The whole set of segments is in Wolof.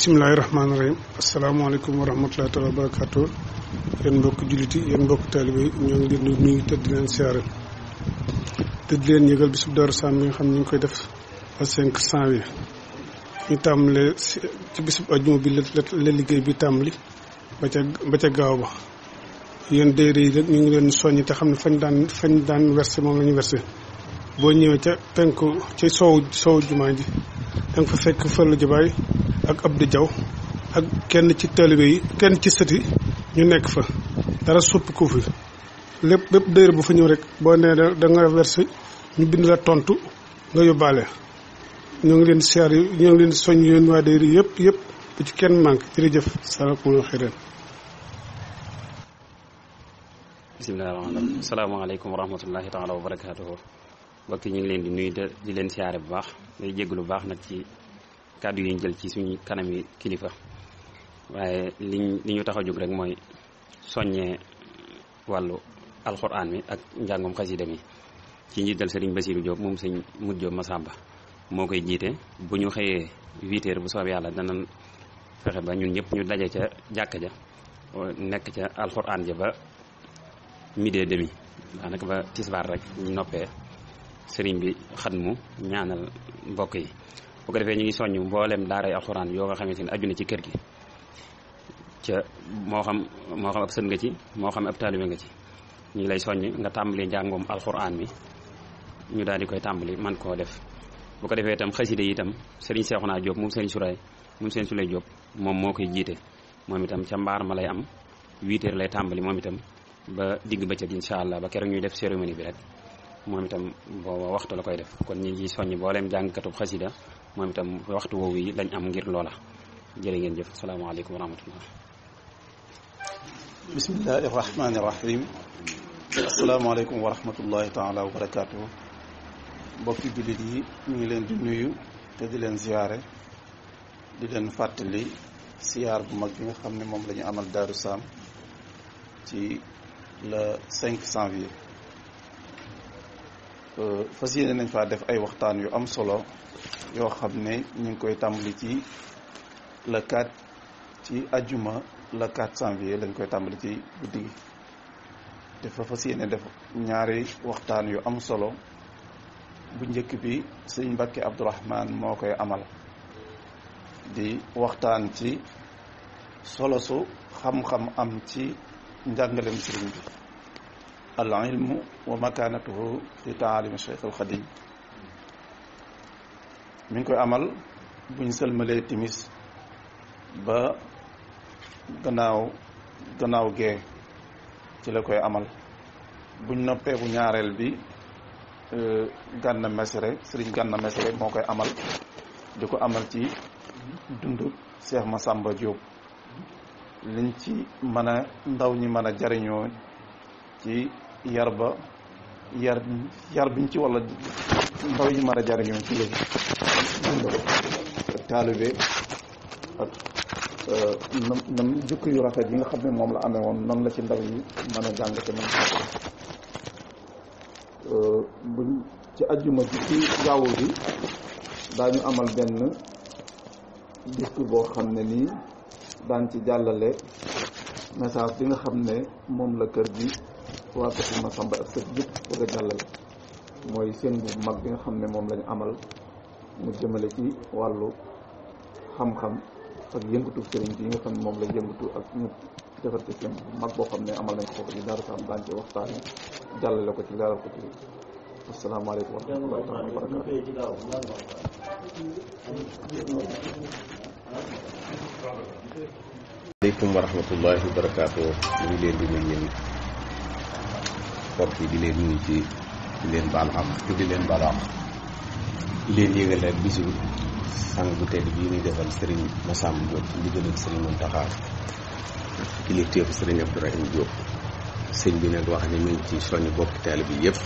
bisimilahi rahmaani rahim asalaamaaleykum wa rahmatullahi taala wa barakatu yéen mbokk jullit yi yéen mbokk taalibe ñoo ngi leen di nuyu te leen siyaare te di leen yëgal bisub Daaru Saam nga xam ne ñu ngi koy def à cinq cent wi ñu tàmbalee ci bisub ajuma bi la liggéey bi tàmbali ba ca ba ca gaaw ba yéen déere yi ñu ngi leen soññi te xam ne fañ daan fañ daan versé moom la ñu versé boo ñëwee ca penku ca soow soow jumaa ji danga fa fekk Fallou Diabaye ak ab Abdou jaw ak kenn ci taalibe yi kenn ci sëti ñu nekk fa dara suppi ko fi lépp bépp dëyër bu fa ñëw rek boo nee da nga verse ñu bind la tontu nga yóbbaale ñoo ngi leen siyaar yi ñoo ngi leen soñ yéen waa dëyër yi yëpp yëpp bu ci kenn manque jërëjëf jëf saa bismillah rahmaan rahim asalaamaaleykum wa rahmatullahi taala wa barakatuhu mbokk ñu ngi leen di nuyu di leen siyaare bu baax day jégg lu baax nag ci kàddu yi jël ci suñu yi kilifa waaye liñ li ñu tax a jóg rek mooy soññee wàllu alxuraan mi ak njàngum xasida mi ci njiital sëriñ Basiiru Jóob moom sëñ Mut ma sàmba moo koy jiite bu ñu xëyee huit heures bu soobee yàlla danañ fexe ba ñun ñëpp ñu daje ca jàkk ja nekk ca alxuraan ja ba midi et demi daanaka ba tisbaar rek ñu noppee sëriñ bi xatmu ñaanal mbokk yi bu ko defee ñu ngi soññ mboolem daaray alxuraan yoo nga xamante ne aju na ci kër gi ca moo xam moo xam ab sën nga ci moo xam ab taalibe nga ci ñu ngi lay soññ nga tàmbali njàngoom alxuraan mi ñu daal di koy tàmbali man koo def bu ko defee itam xaside yi itam sëriñ naa Jóob mu sëriñ Suraay moom sëriñ Sulay Jóob moom moo koy jiite moom itam ca mbaar ma lay am 8 lay tàmbali moom itam ba digg ba ca incha allah ba keroog ñuy def cérémonie bi rek moom itam booba waxtu la koy def kon ñi ngi soññ booleem jàngkatub xasida moom itam waxtu woowu yi lañ am ngir loola jërë ngeen jëf asalaamaaleykum wa rahmatullah bismillahi rahmaani rahim asalaamaaleykum wa rahmatullahi taala wa barakaatuhu mbokki jullit yi ñu ngi leen di nuyu te di leen ziyaare di leen fàttali siyaar bu mag bi nga xam ne moom la amal Daaru Saam ci le 5 janvier Euh, fas yéene nañ faa def ay waxtaan yu am solo yoo xam ne ñu ngi koy tàmbali ci le 4 ci ajuma le 4 janvier lañ koy tàmbali ci guddi gi dafa fas yéene def ñaari waxtaan yu am solo bu njëkk bi sëñ Mbacke Abdourahman moo koy amal di waxtaan ci solo su xam-xam am ci njàngalem sëriñ bi al ilmu wa makaanatuhu fi taalimi Cheikh al mi ngi koy amal buñ sëlmalee timis ba gannaaw gannaaw gee ci la koy amal buñ noppee bu ñaareel bi euh, Gana Messere sëriñ Gana Messere moo koy amal di ko amal ci dund ma Massamba Diop liñ ci mën a ndaw ñi mën a jariñoo ci yar ba yar yar biñ ci wala ndaw yi mën a jariñoo ci léegi ak taalibe ak euh, nam nam jukki yu rafet yi nga xam ne moom la amee woon la ci ndaw yi mën a jàng te mën euh, buñ ci ajjuma ji ci gaawu bi daañu amal benn discours boo xam ne nii daan ci jàllale message bi xam ne moom la kër gi waa ko ma samba ak sët yëpp bëgg a jàllal mooy seen bu mag bi nga xam ne moom lañu amal mu jëmale ci wàllu xam-xam ak yëngatu sëriñ bi nga xam ne moom la yëngatu ak ñu defar ci boo xam ne amal nañ ko foofu ci Daaru Salaam daan ci waxtaane jàllale ko ci leeral ko ci asalaamaaleykum wa rahmatullaahi taala wa barakaatu aleykum wa rahmatullaahi wa barakaatu ñu leen di nuyu mbokk yi di leen nuyu ci di leen baal xam te di leen baal xam di leen yëgale ak bisu sang bu tedd bii ñuy defal Serigne ma Diop ci ndigal ak Serigne Mountakha kilifteefu sëñ bi nag wax ni mi ngi ci soññ bokki taalibe bi yëpp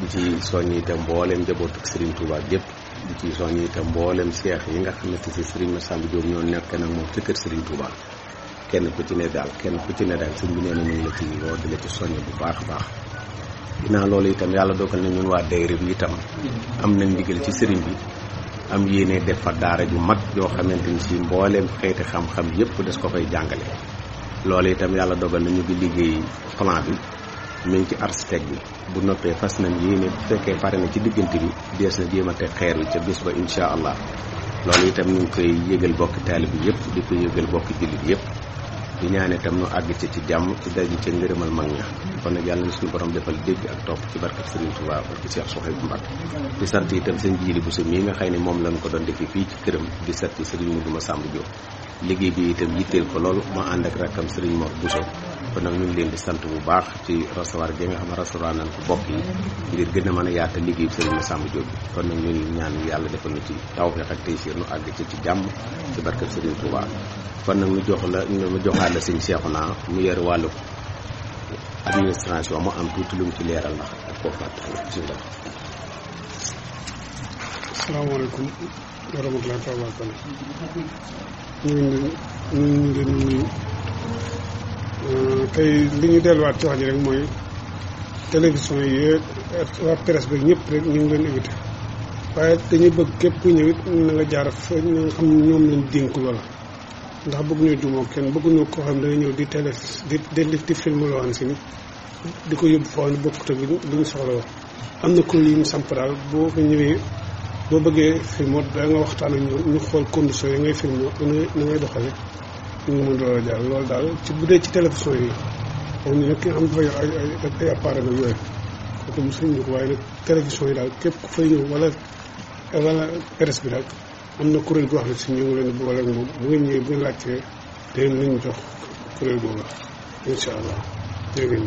di ci soññ itam mboolem njabootu Serigne Touba yëpp di ci soññ itam mboolem seex yi nga xamante sëriñ Serigne Massamba Diop ñoo nekk nag moom ci kër Serigne Touba. kenn ku ci ne daal kenn ku ci ne daal sëñ bi nee na ñu ngi la ci woo di la ci soññ bu baax a baax ginnaaw loolu itam yàlla dogal na ñun waa daayira bi itam am nañ ndigal ci sëriñ bi am yéene def fa daara ju mag joo xamante ni si mbooleem xeeti xam-xam yëpp des ko fay jàngale loolu itam yàlla dogal nañu ñu ngi liggéey plan bi mi ci architecte bi bu noppee fas nañ yéene bu fekkee pare na ci diggante bi dees na jéem a teg xeer wi ca bés ba incha allah loolu itam ñu ngi koy yëgal bokki taalibe bi yëpp di ko yëgal bokki jullit yëpp di ñaane itam nu àgg ci ci jàmm ci daj ci ngërëmal mag ña kon nag yàlla na suñu borom defal dégg ak topp ci barkab Serigne Touba barke Cheikh Souhaïbou Mbacké di sant itam sëñ Jili Bousso mii nga xay ne moom lañ ko doon defee fii ci këram di sant Serigne Moudou Massamba Diop liggéey bi itam yitteel ko lool moo ànd ak rakkam Serigne Mor Bousso kon nag ñu ngi leen di sant bu baax ci recevoir gi nga xam ne recevoir ko bokk yi ngir gën a mën a yaatal liggéey bi Serigne Massamba Diop bi kon nag ñu ñaan yàlla defal ñu ci tawfeex ak taysiir nu àgg ci ci jàmm ci barkeb Serigne Touba kon nag mu jox la ma joxaat la Serigne Cheikhouna mu yore wàllu administration mu am tuuti lu mu ci leeral ndax ak koo fàttali bisimilah. asalaamaaleykum wa rahmatulah taala ñu ngi leen di nuyu Euh, tey li ñu delluwaat ci wax ji rek mooy télévision yi waa presse bi ñëpp rek ñu ngi leen invité waaye dañuy bëgg képp ñëw it na nga jaar fa ñoo xam ñoom lañ dénk loola ndax bëgg ñoo kenn bëgguñu koo xam dana ñëw di télé di di di film loo xam si ni di ko yóbbu foo xam ne bokkut ak am na kuréel yu ñu samp boo fa ñëwee boo bëggee filmoo da nga waxtaan ak ñu xool condition yi ngay filmoo na doxale ñu ngi mën doon daal ci bu dee ci télévision yi moom nag ki nga xam dafa yor ay ay ay appareil ak yooyu kooku mu sëñ ko waaye nag télévision yi daal képp ku fay ñëw wala wala presse bi daal am na kuréel goo xam ne si ñu ngi boo di boole ak moom bu ngeen ñëwee bu ngeen laajtee day nañ jox kuréel googu incha allah dégg